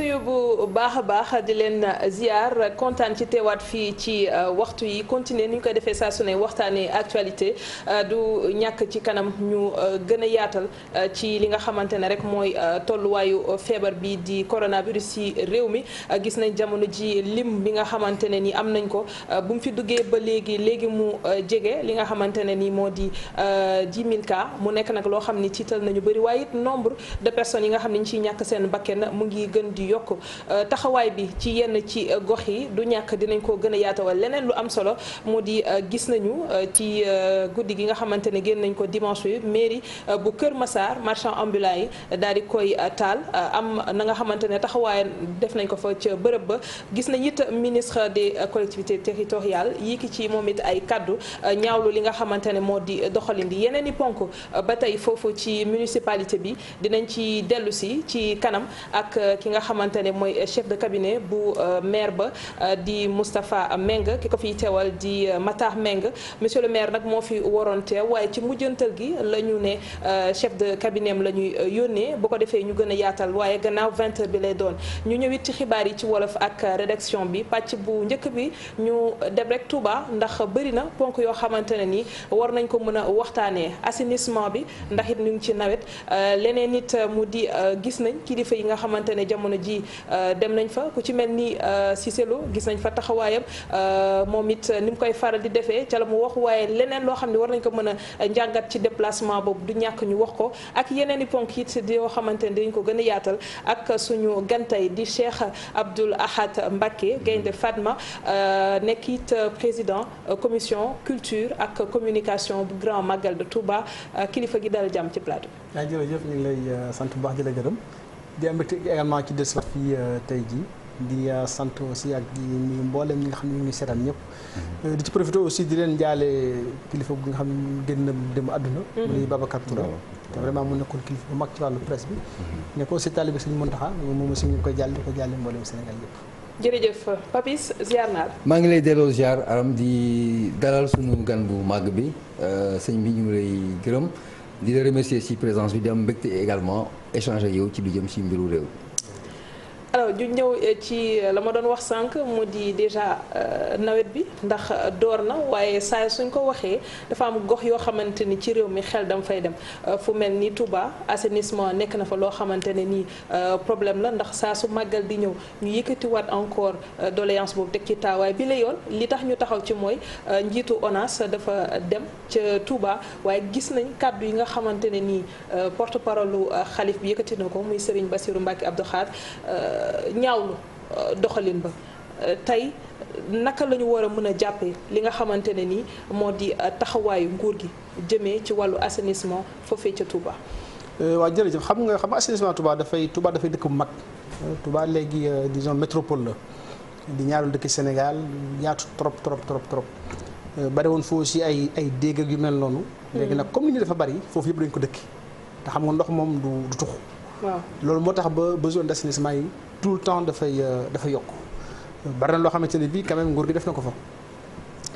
nuyu bu baax a baax di leen ziar kontaan ci teewaat fii ci euh, waxtu yi continuer ni ñu koy defee saa su ne waxtaanee actualité euh, du ñàkk ci kanam ñu euh, gën a yaatal ci li nga xamante ne rek mooy tolluwaayu feebar bi di coronavirus ci réew mi gis nañ jamono ji lim bi nga xamante ne ni am nañ ko bu mu fi duggee ba léegi léegi mu jege li nga xamante ne ni moo di 10 000 cas mu nekk nag loo xam ni tiital nañu bëri waaye it nombre de personnes yi nga xam ne ñu ciy yokk euh, taxawaay bi ci yenn ci euh, gox yi du ñàkk dinañ ko gën a yaatawal leneen lu am solo moo di euh, gis nañu ci guddi gi nga xamante ne génn nañ ko dimanche bi mairie bu Kër Massar marchand ambulant yi daal di koy taal am na nga xamante ne taxawaay def nañ ko fa ca bërëb ba gis nañ it ministre de collectivités territoriales yi ki ci moom it ay kaddu ñaawlu li nga xamante ne moo di doxalin di yeneen i ponk ba tey foofu ci municipalité bi dinañ ci dellusi si ci kanam xamante ne mooy chef de cabinet bu euh, maire ba euh, di Moustapha Meng ki ko fiy teewal di euh, Matar Meng monsieur le maire nag moo fi waroon teew waaye ci mujjantal gi la ñu ne chef de cabinet am la ñuy yónnee bu ko defee ñu gën a yaatal waaye gannaaw 20 bi lay doon ñu ñëwit ci xibaar yi ci wolof ak rédaction bi pàcc bu njëkk bi ñu dem rek Touba ndax bëri na ponk yoo xamante ne ni war nañ ko mën a waxtaanee bi ndax it ci nawet leneen it mu di gis nañ kilifa ji euh, dem nañ fa ku ci mel ni euh, Cissé Lo gis nañ fa taxawaayam euh, moom it ni mu koy faral di defee ca la mu wax waaye leneen loo xam ne war nañ ko mën a njàngat ci déplacement boobu du ñàkk ñu wax ko ak yeneen i ponk it di yoo xamante ne dañ ko gën a yaatal ak suñu gantay di Cheikh Abdoul Ahad Mbacké Gaynde Fatma nekk it président commission culture ak communication bu Grand Magal de Touba kilifa gi dal jàmm ci plateau. jërëjëf ñu lay sant bu baax di la gërëm. di am mbégte également ci des fii euh, tey jii di euh, sant aussi ak di nuyu mboolem ñi nga xam ne ñu ngi seetaan ñëpp. Mhm. Euh, di ci profité aussi di leen jaale kilifa gi nga xam ne génn na dem àdduna. Mhm. muy Babacar Touré. te vraiment mu nekkoon kilifa bu mag ci wàllu presse bi. Mhm. nekk aussi taalibe Sëriñ Mountakha moom aussi ñu ngi koy jaale di ko jaale mboolem Sénégal yëpp. jërëjëf Papis ziar naa maa ngi lay delloo ziar aram di dalal suñu gan bu màgg bi sëñ bi ñu ngi lay gërëm. di la remercier si présence bi di am mbégte également échanger yow ci lu jëm si mbiru réew alors ju ñëw euh, ci euh, la ma doon wax sànq mu di déjà euh, nawet bi ndax door na waaye saa suñ ko waxee dafa am gox yoo xamante ni ci réew mi xel dama fay dem fu mel ni Touba assainissement nekk na fa loo xamante ne nii problème la ndax saa su màggal di ñëw ñu yëkkatiwaat encore doléance boobu teg ci taawaay bi la yoon li tax ñu taxaw ci mooy njiitu ONAS dafa dem ca Touba waaye gis nañ kàddu yi nga xamante ne nii porte-parole xalif bi yëkkati na ko muy Serigne Bassirou Mbacké Abdou Khadre ñaawlu euh, doxalin ba euh, tey naka lañu war a mën a jàppee li nga xamante ne ni moo di euh, taxawaayu nguur gi jëmee ci wàllu assainissement foofee ca Touba. waaw jërëjëf xam nga xam nga assainissement Touba dafay Touba dafay dëkk bu mag Touba léegi disons métropol la di ñaareelu dëkk Sénégal yaatu trop trop trop trop. bari woon foofu aussi ay dégg gi mel noonu. Hmm. léegi nag comme ni dafa bari foofu yëpp dañ ko dëkk te xam nga ndox moom du du tux. waaw loolu moo tax ba besoin d'assainissement yi. tout le temps dafay euh, dafa yokk bari na loo xamante ne bii quand même nguur gi def na ko fa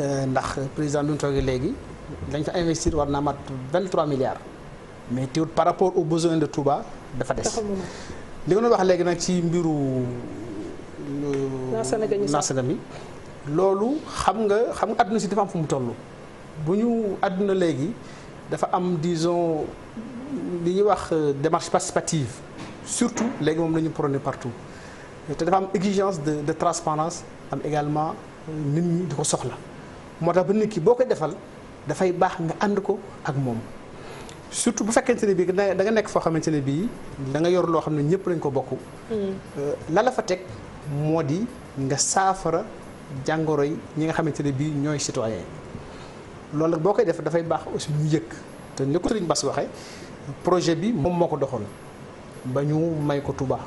euh, ndax président bi mu léegi dañ fa investir war naa mat 23 milliards mais teewul par rapport aux besoins de Touba dafa des. li nga doon wax léegi nag ci mbiru. Euh, naasana mi loolu xam nga xam nga àdduna si dafa am fu mu tollu bu ñu àdduna léegi dafa am disons li ñuy wax démarche participative. surtout léegi moom la ñu prôné partout te dafa am exigence de de transparence am également euh, nit ñi di ko soxla moo tax ba nit ki boo koy defal dafay baax nga ànd ko ak moom surtout bu fekkente ne bii da nga nekk foo xamante ne bii danga nga yor loo xam ne ñëpp lañ ko bokk. Mm. Euh, la la fa teg moo di nga saafara jàngoro yi ñi nga xamante ne bii ñooy citoyen loolu nag boo koy def dafay baax aussi ñu yëkk te ni ko Sëriñ Bass waxee projet bi moom moo ko doxoon. ba ñu may ko Touba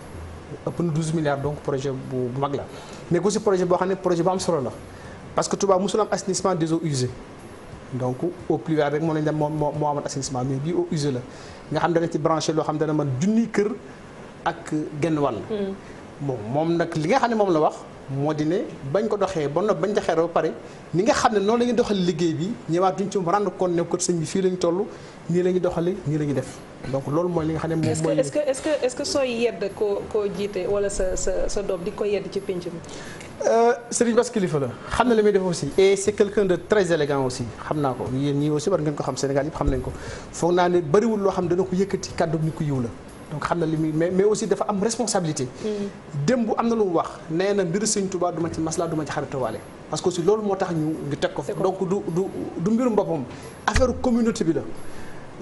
ëpp na 12 milliards donc projet bu bu mag la mais aussi projet boo xam ne projet bu am solo la parce que Touba mosul am assainissement des eaux usées donc au plus vert rek moom lañ dem moo moo amoon assainissement mais bii eaux usées la nga xam dana ci branché loo xam dana mën junniy kër ak genn wàll. Hmm. bon moom nag li nga xam ne moom la wax. moo di ne bañ ko doxee ba noppi bañ doxee ba nga xam ne noonu la ñuy doxal liggéey bi ñëwaat duñ ci rendre compte ne ko sëñ bi fii la toll nii la ñuy doxalee nii la ñuy def donc loolu mooy li nga xam ne moom mooy. est-ce que est-ce que est-ce koo koo jiite sa sa di ko yedd ci penc mi. Euh, Serigne Bass kilifa la xam na la may def aussi et c'est quelqu'un de très aussi xam naa ko yéen ñii aussi war ngeen ko xam Sénégal yëpp xam nañ ko foog naa ne bariwul loo xam ne dana ko yëkkati kàddu ni ku yiw la donc xam na li muy mais mais aussi dafa am responsabilité. Mm. démb am na lu wax nee na mbiru Sëñ tubaab duma ci masla duma ci ci xarituwaale parce que si loolu moo tax ñu ñu teg ko fa. donc du du du mbirum boppam affaire communauté bi la.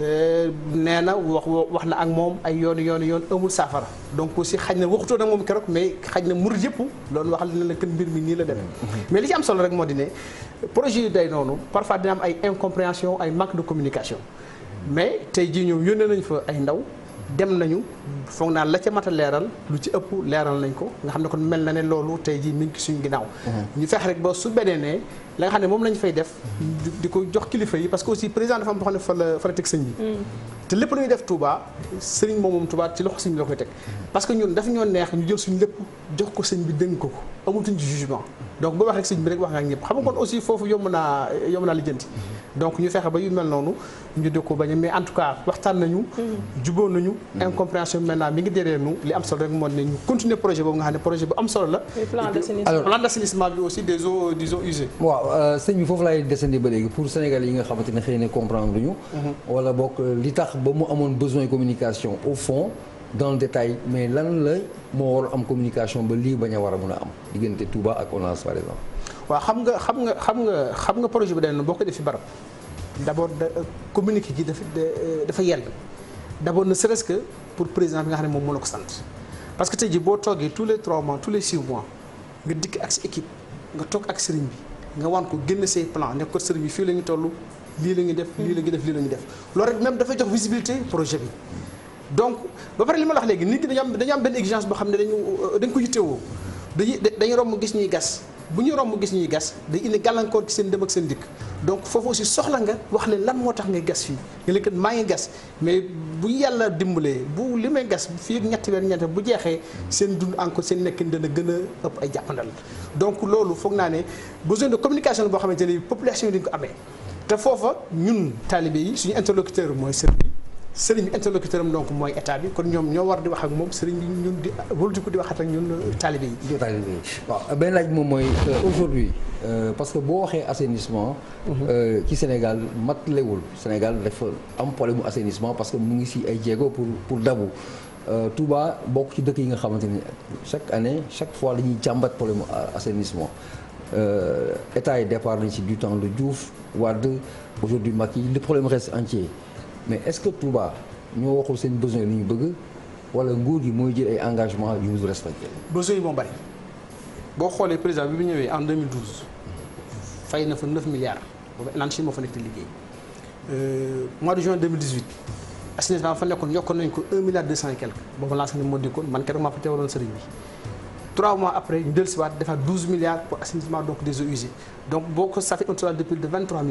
Euh, nee na wax wax na ak moom ay yoonu yoonu yoon amul saafara donc aussi xaj na waxutoo na moom keroog mais xaj na murid yëpp loolu wax na la kën mbir mi nii la demee. Mm-hmm. mais li ci am solo rek moo di ne projet yi day noonu parfois dina am ay incompréhension ay manque de communication mm-hmm. mais tey jii ñoom yónnee nañ fa ay ndaw. dem nañu foog naa la ca mat a leeral lu ci ëpp leeral nañ ko nga xam ne kon mel na ne loolu tey jii mi ngi ci suñu ginnaaw ñu fex rek ba su benee ne la nga xam ne moom lañ fay def di ko jox kilifa yi parce que aussi président dafa am loo xam ne fa la fa la teg sëñ bi mm. te lépp lu def Touba sëñ bi la koy teg parce que ñun dafa ñoo neex ñu jël suñ lépp jox ko sëñ bi dénk ko ko amatuñ ci jugement donc boo wax rek sëñ bi rek wax nga ak ñëpp xam nga kon aussi foofu yomb naa yomb naa lijjanti donc ñu fexe ba yu mel noonu ñu di ko bañ mais en tout cas waxtaan nañu mm. jubóo nañu mm. incompréhension maintenant mi ngi Euh, sëñ bi foofu laay desandi ba léegi pour Sénégal yi nga xamante ne xëy na comprendre ñu. Mhm. wala bokk li tax ba mu amoon besoin communication au fond dans le détail mais lan la moo war am communication ba lii bañ a war a mun a am diggante Touba ak ONAS par exemple. waaw xam nga xam nga xam nga xam nga projet bi dañ boo ko def ci barab d'abord da communiqué ji dafa dafa yell d'abord ne serait-ce que pour président bi nga xam ne moom moo la ko sant. parc que tey jii boo toogee tous les trois mois tous les six mois nga dikk ak sa équipe nga toog ak sëriñ bi. nga wan ko génn say plan ne ko sëriñ bi fii la ñu toll lii la ñu def lii la def lii la ñu def loolu rek même dafay jox visibilité projet bi donc ba pare li ma la léegi nit ki dañu am dañu am benn exigence boo xam ne dañu euh, dañ ko yittewoo dañuy dañu romb gis ñuy gas bu ñu romb gis ñuy gas day indi gàllankoor ci seen dem ak seen dikk donc foofu si soxla nga wax leen lan moo tax ngay gas fii nga ne maa ngi gas mais bu yàlla dimbalee bu li may gas fii ñetti weer ñetti bu jeexee seen dund encore seen nekkin dana gën a ëpp ay jàppandal donc loolu foog naa ne besoin de communication boo xamante ne population yi dañ ko amee te foofa ñun taalibe yi suñu interlocuteur mooy sëriñ sëriñ bi interlocuteur donc mooy état bi kon ñoom ñoo war di wax ak moom sëriñ bi ñun di wëlbati ko di wax ak ñun taalibe yi. taalibe laaj moom mooy euh, aujourd'hui euh, parce que boo waxee assainissement. Mhm. Euh, ci Sénégal matlewul Sénégal dafa am problème mu assainissement parce que mu ngi si ay jéego pour pour dabu. Touba bokk ci dëkk yi nga xamante ni chaque année chaque fois la ñuy jàmbat problème assainissement état yi départ nañ si du temps le Diouf Wade aujourd'hui yi le problème reste entier. mais est-ce que Touba ñoo waxul seen besoin li ñu bëgg wala nguur gi mooy jël ay engagement yu ñu respecté. besoin yi moo bari boo xoolee président bi mu ñëwee en na fa nekk di liggéey euh, de juin 2018 assainissement fa nekkoon yokkoon nañ ko 1 milliard 200 et quelque boobu lancé na moo dikkoon man keroog maa fa teewaloon sëriñ bi. trois mois après ñu dellusiwaat defaat 12 milliards pour assainissement donc des eaux usées donc boo ko ça fait un total de plus de 23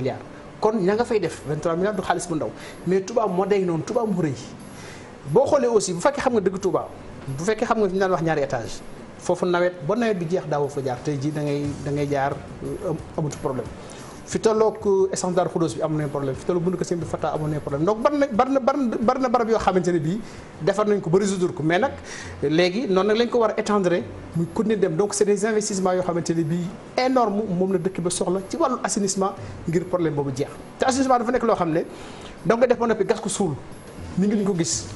kon ña nga fay def 23 milliards du xaalis bu ndaw mais Touba moo day noonu Touba mu rëy boo xoolee aussi bu fekkee xam nga dëgg Touba bu fekkee xam nga ñu naan wax ñaari étage foofu nawet ba nawet bi jeex daawoo fa jaar tey jii da ngay da ngay jaar euh, amatu problème fi taloog euh, essence Darou Khoudoss bi amoon nañu problème fi taloog ko sëñ bi Fata amoon nañu problème donc bari na bari na bari na barab yoo xamante ne bii defar nañ ko ba résoudre ko mais nag léegi noonu nag lañ ko war a étendre muy continuer dem donc c' est des investissements yoo xamante ne bii énorme moom la dëkk ba soxla ci wàllu assainissement ngir problème boobu jeex te assainissement dafa nekk loo xam ne donc nga def ba noppi gas ko suul ni ngi ñu ko gis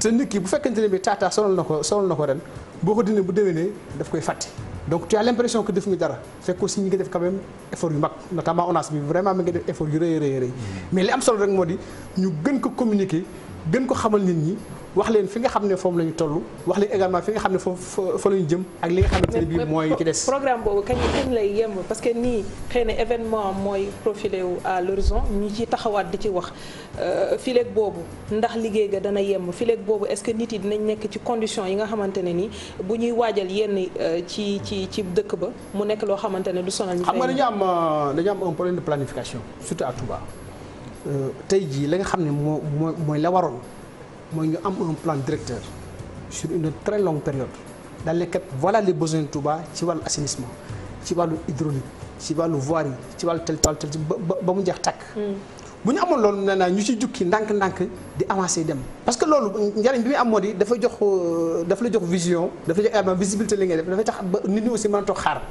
te nit ki bu fekkente ne bi taataa sonal na ko sonal na ko ren boo ko dindee bu déwénee daf koy fàtte donc tu as l'impression que defuñu dara fekk aussi ñi ngi def quand même effort yu mag notamment ONAS bi vraiment mi ngi def effort yu rëy rëy rëy mais li am solo rek moo di ñu gën ko communiquer gën ko xamal nit ñi wax leen fi nga xam ne foofu la ñu toll wax leen également fi nga xam ne foofu fa la ñu jëm ak li nga xamante ne bii mooy ci des. programme boobu kañ kañ lay yem parce que nii xëy na événement mooy profilé wu à l'horizon ñu ci taxawaat di ci wax euh, fileeg boobu ndax liggéey ga dana yem fileeg boobu est-ce que nit yi dinañ nekk ci condition yi nga xamante ne nii bu ñuy waajal yenn euh, ci ci ci dëkk ba mu nekk loo xamante ne du sonal. ñu xam nga dañu am euh, dañu am un problème de planification surtout à Touba. Euh, tey jii la nga xam ne moo moo mooy la waroon mooy ñu am un plan directeur sur une très longue période daal ne kat voilà les besoins de Touba ci wàllu assainissement ci wàllu hydraulique ci wàllu voirie ci wàllu tel tel ba ba mu jeex tàkk. Hmm. bu ñu amoon loolu nee naa ñu ci jukki ndànk-ndànk di avancé dem parce que loolu njariñ bi muy am moo di dafa jox euh, dafa la jox vision dafa jox également visibilité li ngay def dafa tax ba nit ñi si man a toog xaar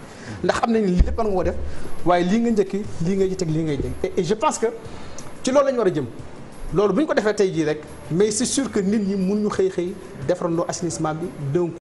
ndax nañ lii lépp nga def waaye lii nga njëkki lii ngay jëteg lii ngay jëg je pense que ci loolu la ñu war a jëm loolu bu ñu ko defee tey jii rek mais c'est sûr que nit ñi mun ñu xëy xëy defarandoo assainissement bi donc